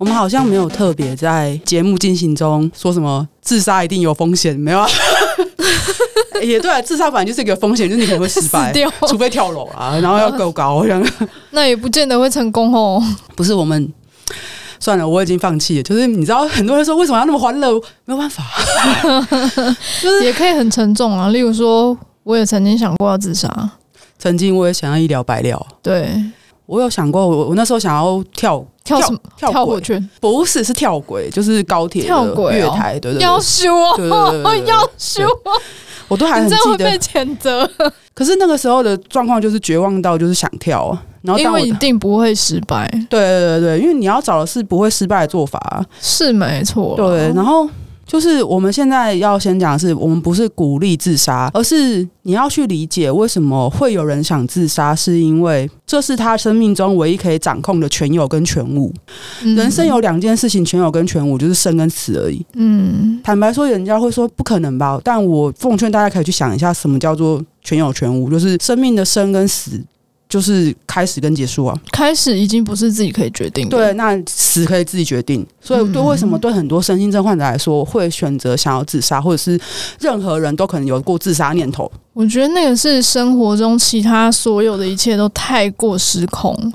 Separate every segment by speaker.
Speaker 1: 我們好像沒有特別在節目進行中說什麼自殺一定有風險，沒有？啊。也、 欸、對啊，自殺反正就是一個風險，就是你可能會失敗，除非跳樓啊，然後要夠高，好 像那也不見得會成功哦。不是我們算了，我已經放棄了。就是你知道，很多人說為什麼要那麼歡樂？沒有辦法、啊，
Speaker 2: 就是也可以很沉重啊。例如說，我也曾經想過要自殺，
Speaker 1: 曾經我也想要一了百了。對。我有想過，我我那時候想要跳跳跳過圈不是，是跳軌，就是高鐵跳軌月台。對對，要修啊、哦！要修。我都還很記得。被譴責。可是那個時候的狀況就是絕望到就是想跳，然後因為一定不會失敗。對對對對，因為你要找的是不會失敗的做法，是沒錯。對，然後。就是我們現在要先講的是，我們不是鼓勵自殺，而是你要去理解為什麼會有人想自殺，是因為這是他生命中唯一可以掌控的全有跟全無。嗯。人生有兩件事情，全有跟全無，就是生跟死而已。嗯，坦白說，人家會說不可能吧？但我奉勸大家可以去想一下，什麼叫做全有全無？就是生命的生跟死，就是。開始跟結束啊，開始已經不是自己可以決定的。對，那死可以自己決定。所以，對，為什麼對很多身心症患者來說，嗯、會選擇想要自殺，或者是任何人都可能有過自殺念頭？
Speaker 2: 我覺得那個是生活中其他所有的一切都太過失控。嗯嗯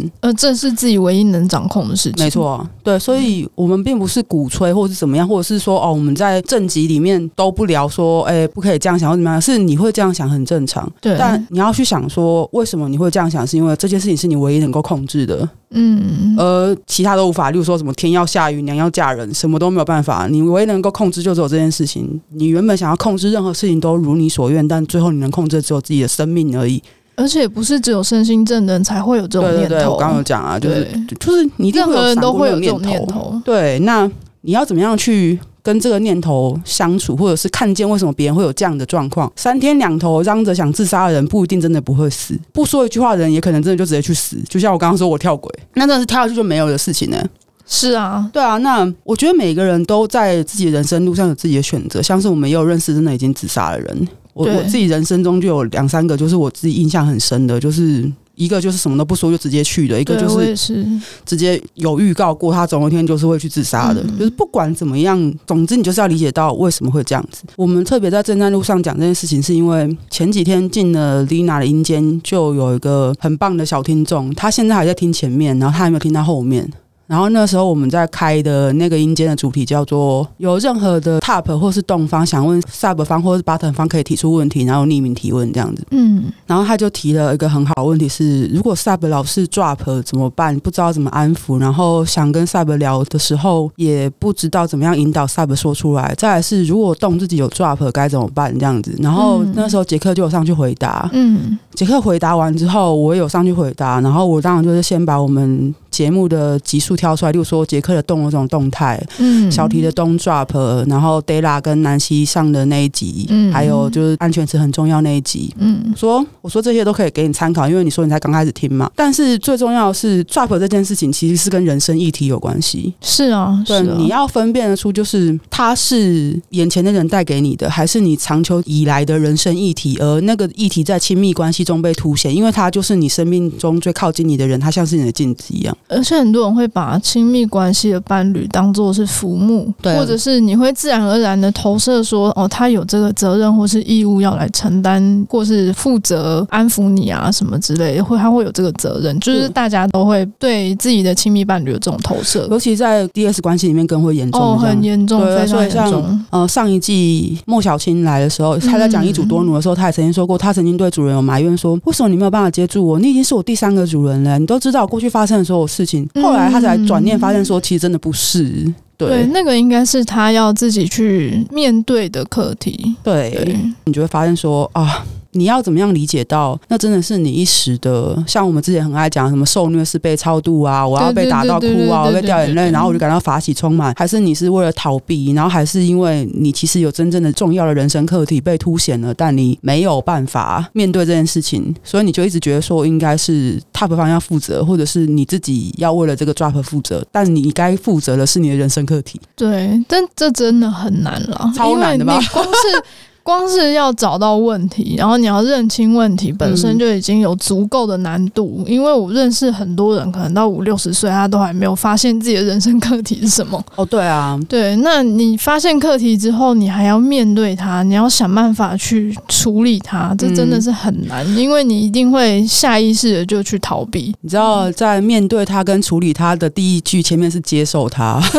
Speaker 2: 嗯，而，這是自己唯一能掌控的事情。沒錯，
Speaker 1: 對。所以我們並不是鼓吹或是怎麼樣，或者是說哦，我們在正集裡面都不聊說，哎、欸，不可以這樣想或怎麼樣。是你會這樣想很正常。對，但你要去想說，為什麼你會這樣想？是因為這件事情是你唯一能夠控制的。
Speaker 2: 嗯，
Speaker 1: 而其他都無法，例如說什麼天要下雨，娘要嫁人，什麼都沒有辦法。你唯一能夠控制就只有這件事情。你原本想要控制任何事情都如你所願，但最後你能控制只有自己的生命而已。
Speaker 2: 而且不是只有身心症的人才會
Speaker 1: 有這種念頭。對對對，我剛剛有講啊，就是對、就是、就是你任何人都會有這種念頭，這種念頭。對，那你要怎麼樣去？跟這個念頭相處，或者是看見為什麼別人會有這樣的狀況，三天兩頭嚷着想自殺的人，不一定真的不會死。不說一句話的人，也可能真的就直接去死。就像我剛剛說我跳軌，那真的是跳下去就沒有的事情呢。是啊，對啊。那我覺得每個人都在自己的人生路上有自己的選擇。像是我們也有認識真的已經自殺的人，我我自己人生中就有兩三個，就是我自己印象很深的，就是。一個就是什麼都不說就直接去的，一個就是直接有預告過他總有一天就是會去自殺的。就是不管怎麼樣，總之你就是要理解到為什麼會這樣子。我們特別在正在路上講這件事情，是因為前幾天進了麗娜的陰間，就有一個很棒的小聽眾，他現在還在聽前面，然後他還沒有聽到後面。然後那時候我們在開的那個音間的主題叫做有任何的 top 或是動方想問 sub 方或是 button 方可以提出問題，然後匿名提問這樣子。嗯，然後他就提了一個很好的問題是：如果 sub 老是 drop 怎麼辦？不知道怎麼安撫。然後想跟 sub 聊的時候也不知道怎麼樣引導 sub 說出來。再來是如果動自己有 drop 該怎麼辦？這樣子。然後那時候傑克就有上去回答。嗯，傑克回答完之後，我也有上去回答。然後我當然就是先把我們。節目的集數挑出來，例如說杰克的動那種動態，嗯，小提的動 drop，然後 Della 跟南希上的那一集，嗯，還有就是安全詞很重要那一集，嗯，說我說這些都可以給你參考，因為你說你才剛開始聽嘛。但是最重要的是 drop 這件事情，其實是跟人生議題有關係。是啊、是哦，對，你要分辨得出，就是它是眼前的人帶給你的，還是你長久以來的人生議題，而那個議題在親密關係中被凸顯，因為它就是你生命中最靠近你的人，他像是你的鏡子一樣。
Speaker 2: 而且很多人會把親密關係的伴侶當做是浮木，或者是你會自然而然的投射說哦，他有這個責任或是義務要來承擔，或是負責安撫你啊什麼之類的，會他會有這個責任，
Speaker 1: 就是大家都會對自己的親密伴侶有這種投射，尤其在 DS 關係裡面更會嚴重、哦、重，很嚴重，對、啊，所以像呃上一季莫小青來的時候，她在講一主多奴的時候，她、嗯、也曾經說過，她曾經對主人有埋怨說，為什麼你沒有辦法接住我？你已經是我第三個主人了，你都知道過去發生的時候事情，後來他才轉念發現，說其實真的不是。對，對，那個應該是他要自己去面對的課題。對，對你就會發現說啊，你要怎麼樣理解到那真的是你一時的？像我們之前很愛講什麼受虐是被超度啊，我要被打到哭啊，我被掉眼淚，然後我就感到法喜充滿，還是你是為了逃避？然後還是因為你其實有真正的重要的人生課題被凸顯了，但你沒有辦法面對這件事情，所以你就一直覺得說應該是 top 方向負責，或者是你自己要為了這個 drop 負責，但你該負責的是你的人生課題。
Speaker 2: 對，但這真的很難了，超難的吧？ 光是要找到問題，然後你要認清問題本身就已經有足夠的難度。嗯。因為我認識很多人，可能到五六十歲，他都還沒有發現自己的人生課題是什麼。哦，對啊，對。那你發現課題之後，你還要面對它，你要想辦法去處理它，這真的是很難，嗯，因為你一定會下意識的就去逃避。
Speaker 1: 你知道，在面對他跟處理他的第一句，前面是接受他。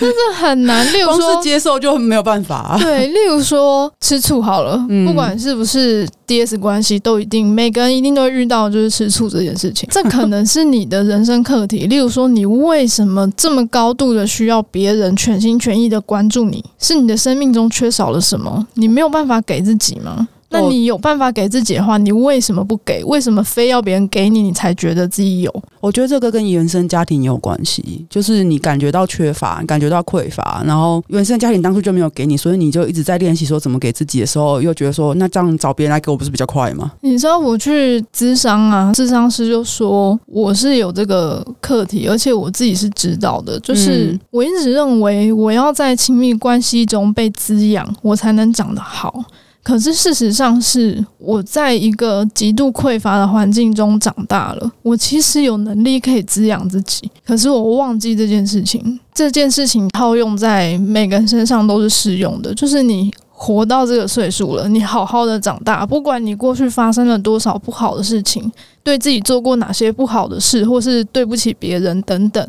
Speaker 2: 但 是很難，例如說是接
Speaker 1: 受就沒有辦法，啊。對，
Speaker 2: 例如說吃醋好了，嗯，不管是不是 D S 關係，都一定每個人一定都會遇到，就是吃醋這件事情。 這可能是你的人生課題。例如說，你為什麼這麼高度的需要別人全心全意的關注你？你是你的生命中缺少了什麼？你沒有辦法給自己嗎？那你有辦法給自己的話，你為什麼不給？為什麼非要別人給你，你才
Speaker 1: 覺得自己有？我覺得這個跟原生家庭有關係，就是你感覺到缺乏，你感覺到匱乏，然後原生家庭當初就沒有給你，所以你就一直在練習說怎麼給自己的時候，又覺得說那這樣找別人來給我不是比較快嗎？
Speaker 2: 你知道我去諮商啊，諮商師就說我是有這個課題，而且我自己是知道的，就是我一直認為我要在親密關係中被滋養，我才能長得好。可是事實上是我在一個極度匱乏的環境中長大了，我其實有能力可以滋養自己，可是我忘記這件事情。這件事情套用在每個人身上都是適用的，就是你活到這個歲數了，你好好的長大，不管你過去發生了多少不好的事情，對自己做過哪些不好的事，或是對不起別人等等。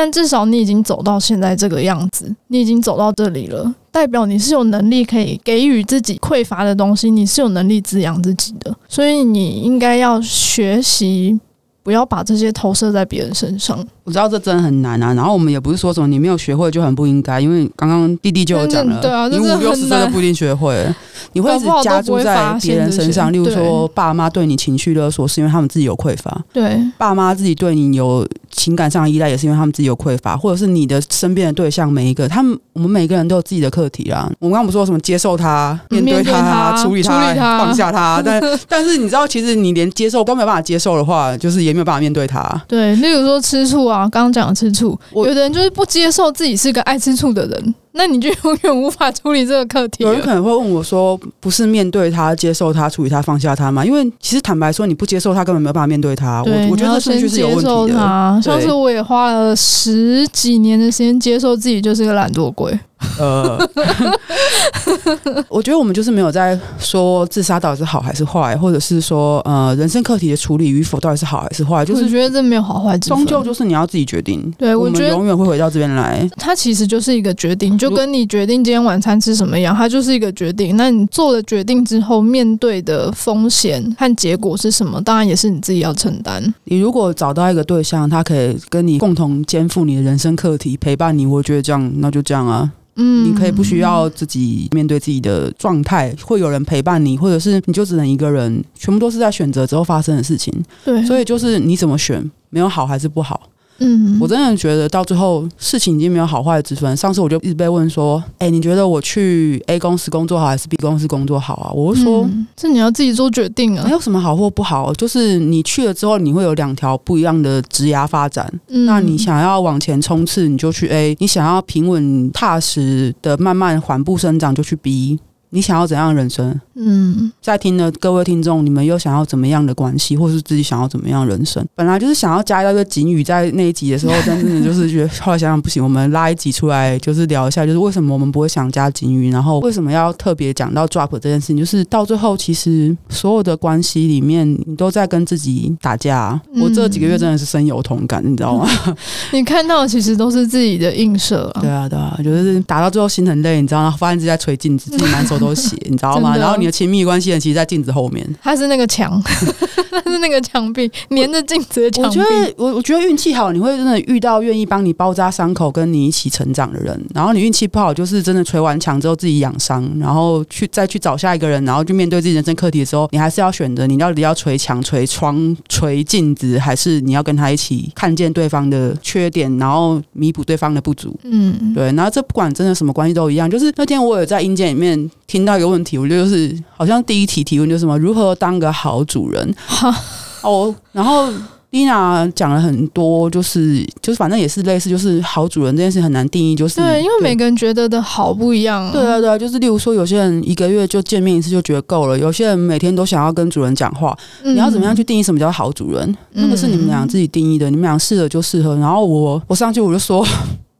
Speaker 2: 但至少你已經走到現在這個樣子，你已經走到這裡了，代表你是有能力可以給予自己匱乏的東西，你是有能力滋養自己的，所以你應該要學習不要把這些投射在別人身上。
Speaker 1: 我知道這真的很難啊，然後我們也不是說什麼你沒有學會就很不應該，因為剛剛弟弟就有講了，因、嗯、為、啊、你五、六十歲都不一定學會。會學你會一直加諸在別人身上，例如說爸媽對你情緒勒索，是因為他們自己有匱乏；對爸媽自己對你有情感上的依賴，也是因為他們自己有匱乏，或者是你的身邊的對象每一個，他們我們每個人都有自己的課題啊。我剛剛不是說什麼接受他、面對他、對他他處理他處理他、放下他，但 但是你知道，其實你連接受都沒有辦法接受的話，就是也沒有辦法面對他。
Speaker 2: 對，例如說吃醋啊。嗯啊，剛剛講吃醋我，有的人就是不接受自己是個愛吃醋的人，
Speaker 1: 那你就永遠無法處理這個課題。有人可能會問我說：“不是面對他、接受他、處理他、放下他嗎？”因為其實坦白說，你不接受他，根本沒有辦法面對他。對，我我覺得這順序是有問題的。你要先接受他。對。上次
Speaker 2: 我也花了十幾年的時間接受
Speaker 1: 自己就是個懶惰鬼。呃。 我覺得我們就是沒有在說自殺到底是好還是壞，或者是說呃人生課題的處理與否到底是好還是壞，就是我覺得這沒有好壞之分，終究就是你要自己決定。對，我覺得永遠會回到這邊來，它
Speaker 2: 其實就是一個決定，就跟你決定今天晚餐吃什麼一樣，它就是一個決定。那你做了決定之後，面對的風險和結果是什麼，當然也是你自己要承擔。
Speaker 1: 你如果找到一個對象，他可以跟你共同肩負你的人生課題，陪伴你，我覺得這樣那就這樣啊。嗯，你可以不需要自己面對自己的狀態，會有人陪伴你，或者是你就只能一個人，全部都是在選擇之後發生的事情。對，所以就是你怎麼選，沒有好還是不好。嗯，我真的覺得到最後事情已經沒有好壞之分。上次我就一直被問說：“哎、欸，你覺得我去 A 公司工作好還是 B 公司工作好啊？”我就說、嗯：“這你要自己做決定啊，沒有什麼好或不好，就是你去了之後你會有兩條不一樣的職涯發展、嗯。那你想要往前衝刺，你就去 A；你想要平穩踏實的慢慢緩步生長，就去 B。”你想要怎樣的人生？嗯，在聽的各位聽眾，你們又想要怎麼樣的關係，或是自己想要怎麼樣的人生？本來就是想要加一個警語，在那一集的時候，真的就是覺得 後來想想不行，我們拉一集出來，就是聊一下，就是為什麼我們不會想加警語，然後為什麼要特別講到 drop 這件事情？就是到最後，其實所有的關係裡面，你都在跟自己打架、啊嗯。我這幾個月真的是深有同感，你知道嗎？ 你看到其實都是自己的映射啊。對啊，對啊，就是打到最後心很累，你知道，然後發現自己在捶鏡子，自己難受。都 寫，你知道嗎？然後你的親密關係呢，其實，在鏡子後面，
Speaker 2: 他是那個牆， 他是那個牆壁，粘着鏡
Speaker 1: 子的牆壁。我。我覺得，我我覺得運氣好，你會真的遇到願意幫你包扎傷口、跟你一起成長的人。然後你運氣不好，就是真的捶完牆之後自己養傷，然後去再去找下一個人，然後去面對自己人生課題的時候，你還是要選擇，你到底要捶牆、捶窗、捶鏡子，還是你要跟他一起看見對方的缺點，然後彌補對方的不足？嗯，對。然後這不管真的什麼關係都一樣。就是那天我有在陰間裡面。聽到一個問題，我覺得就是好像第一題提問就是什麼？如何當個好主人？ 哦，然後麗娜講了很多，就是就是反正也是類似，就是好主人這件事很難定義。就是對，因為每個人覺得的好不一樣啊。對啊，對啊，就是例如說，有些人一個月就見面一次就覺得夠了，有些人每天都想要跟主人講話、嗯。你要怎麼樣去定義什麼叫好主人？嗯、那個是你們倆自己定義的，你們倆適合就適合。然後我我上去我就說。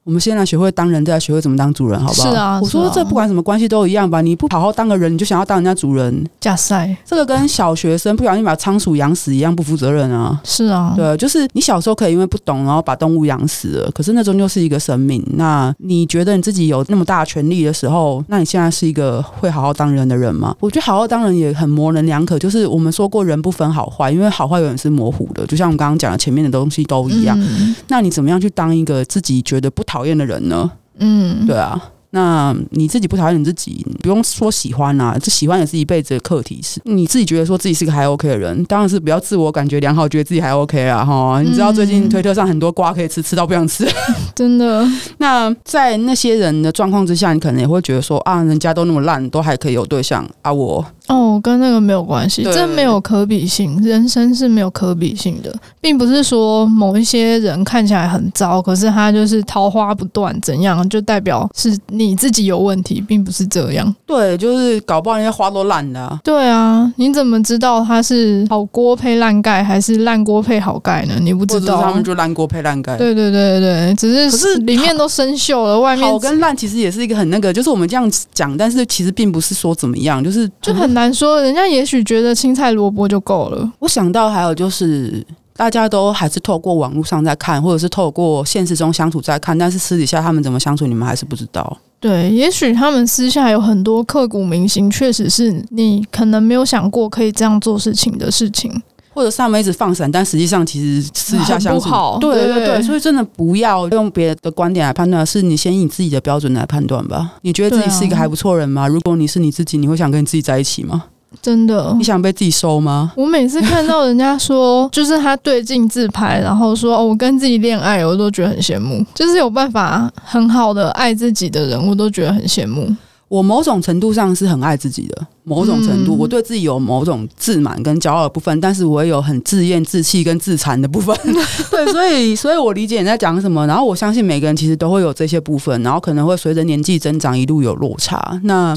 Speaker 1: 我們先來學會當人，再來學會怎麼當主人，好不好？是啊，是啊我說，說這不管什麼關係都一樣吧？你不好好當個人，你就想要當人家主人？假賽，這個跟小學生不小心把倉鼠養死一樣不負責任啊！是啊，對，就是你小時候可以因為不懂，然後把動物養死了，可是那終究是一個生命。那你覺得你自己有那麼大的權利的時候，那你現在是一個會好好當人的人嗎？我覺得好好當人也很模棱兩可。就是我們說過，人不分好壞，因為好壞永遠是模糊的。就像我們剛剛講的前面的東西都一樣。嗯。那你怎麼樣去當一個自己覺得不討？討厭的人呢？嗯，對啊，那你自己不討厭你自己，不用說喜歡啊，這喜歡也是一輩子的課題。是，你自己覺得說自己是個還 OK 的人，當然是比較自我感覺良好，覺得自己還 OK 啊。哈，你知道最近推特上很多瓜可以吃，吃到不想吃，嗯、 真的。那在那些人的狀況之下，你可能也會覺得說啊，人家都那麼爛，都還可以有對象啊，我。
Speaker 2: 哦，跟那個沒有關係，真沒有可比性，人生是沒有可比性的，並不是說某一些人看起來很糟，可是他就是桃花不斷，怎樣就代表是你自己有問題，並不是這樣。
Speaker 1: 對，就是搞不好人家花都爛了、啊。
Speaker 2: 對啊，你怎麼知道他是好鍋配爛蓋，還是爛鍋配好
Speaker 1: 蓋呢？你不知道、啊，他們就爛鍋配爛蓋。對對對對，只是是裡面都生鏽了，外面好跟爛其實也是一個很那個，就是我們這樣講，但是其實並不是說怎麼樣，就是、嗯、就很難。難說，人家也許覺
Speaker 2: 得青菜蘿蔔就夠了。
Speaker 1: 我想到還有就是，大家都還是透過網絡上在看，或者是透過現實中相處在看，但是私底下他們怎麼相處，你們還是不知道。
Speaker 2: 對，也許他們私下有很多刻骨銘心，確實是你可能沒有想過可以這樣做事情的事情。
Speaker 1: 或者上面一直放閃，但實際上其實私底下相處不好，對對對，對對對，所以真的不要用別的觀點來判斷，是你先以你自己的標準來判斷吧。你覺得自己是一個還不錯人嗎、啊？如果你是你自己，你會想跟你自己在一起嗎？真的，你想被自己收嗎？
Speaker 2: 我每次看到人家說， 就是他對鏡自拍，然後說哦，我跟自己戀愛，我都覺得很羨慕。就是有辦法很好
Speaker 1: 的愛自己的人，我都覺得很羨慕。我某種程度上是很愛自己的，某種程度、嗯、我對自己有某種自滿跟驕傲的部分，但是我也有很自厭、自棄跟自殘的部分。 對，所以，所以我理解你在講什麼。然後我相信每個人其實都會有這些部分，然後可能會隨着年紀增長一路有落差。那，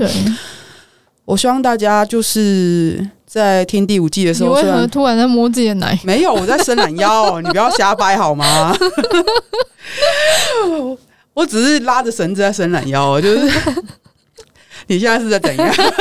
Speaker 1: 我希望大家就是在聽第五季的時候，你為何突然在摸自己的奶？沒有，我在伸懶腰， 你不要瞎掰好嗎？ 我只是拉着繩子在伸懶腰，就是。 你現在是在怎樣？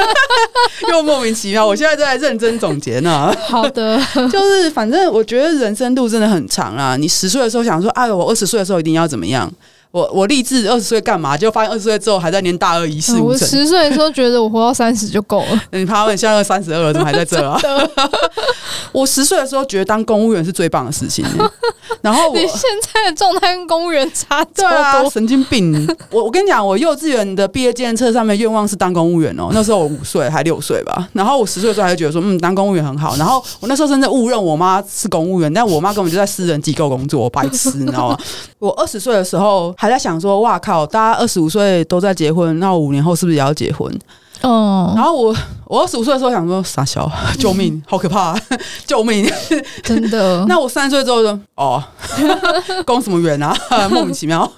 Speaker 1: 又莫名其妙。 我現在在認真總結呢。 好的， 就是反正我覺得人生路真的很長啊。你十歲的時候想說：“哎呦，我二十歲的時候一定要怎麼樣？”我我立志二十歲幹嘛？就發現二十歲之後還在念大二，一事無成。我十
Speaker 2: 歲的時候覺得我活到三十就夠了。
Speaker 1: 那你怕問現在三十二了，怎麼還在這兒啊？ 真的 我十歲的時候覺得當公務員是最棒的事情，欸。然後我你
Speaker 2: 現在的狀態跟公務員差這麼多，
Speaker 1: 神經病！我我跟你講，我幼稚園的畢業紀念冊上面願望是當公務員哦，喔。那時候我五歲還六歲吧。然後我十歲的時候還覺得說，嗯，當公務員很好。然後我那時候真的誤認我媽是公務員，但我媽根本就在私人機構工作，我白痴，你知道嗎？我二十歲的時候。還在想說，哇靠！大家二十五歲都在結婚，那我五年後是不是也要結婚？哦、oh.，然後我我二十五歲的時候想說傻笑，救命，好可怕，啊，救命！真的。 那我三十歲之後就說哦， 公什麼緣啊，莫名其妙。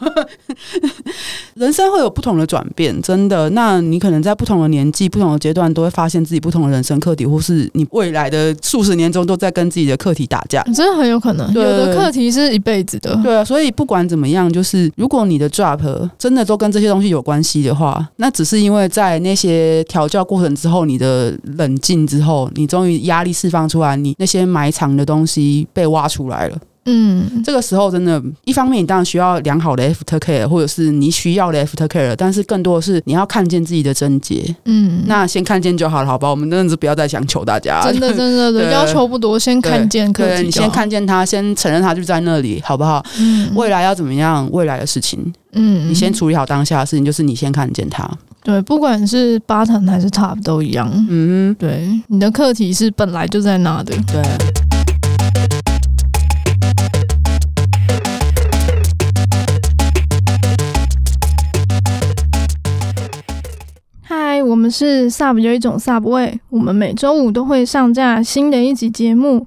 Speaker 1: 人生會有不同的轉變，真的。那你可能在不同的年紀、不同的階段，都會發現自己不同的人生課題，或是你未來的數十年中都在跟自己的課題打架，真的很有可能。對，有的課題是一輩子的，對啊。所以不管怎麼樣，就是如果你的 drop 真的都跟這些東西有關係的話，那只是因為在那些。調教過程之後，你的冷靜之後，你終於壓力釋放出來，你那些埋藏的東西被挖出來了。嗯，這個時候真的，一方面你當然需要良好的 aftercare，或者是你需要的 aftercare，但是更多的是你要看見自己的症結。嗯，那先看見就好了，好吧？我們真的是不要再強求大家，真的真的的 要求不
Speaker 2: 多，先看見，可你先看
Speaker 1: 見他，先承認他就在那裡，好不好、嗯？未來要怎麼樣？未來的事情，
Speaker 2: 嗯，你先處
Speaker 1: 理好當下的事情，就是你先看見他。
Speaker 2: 對，不管是巴坦還是 TOP 都一樣。嗯，對，你的課題是本來就在那的。對。嗨，Hi, 我們是 Sub 有一種 Sub 味。我們每周五都會上架新的一集節目。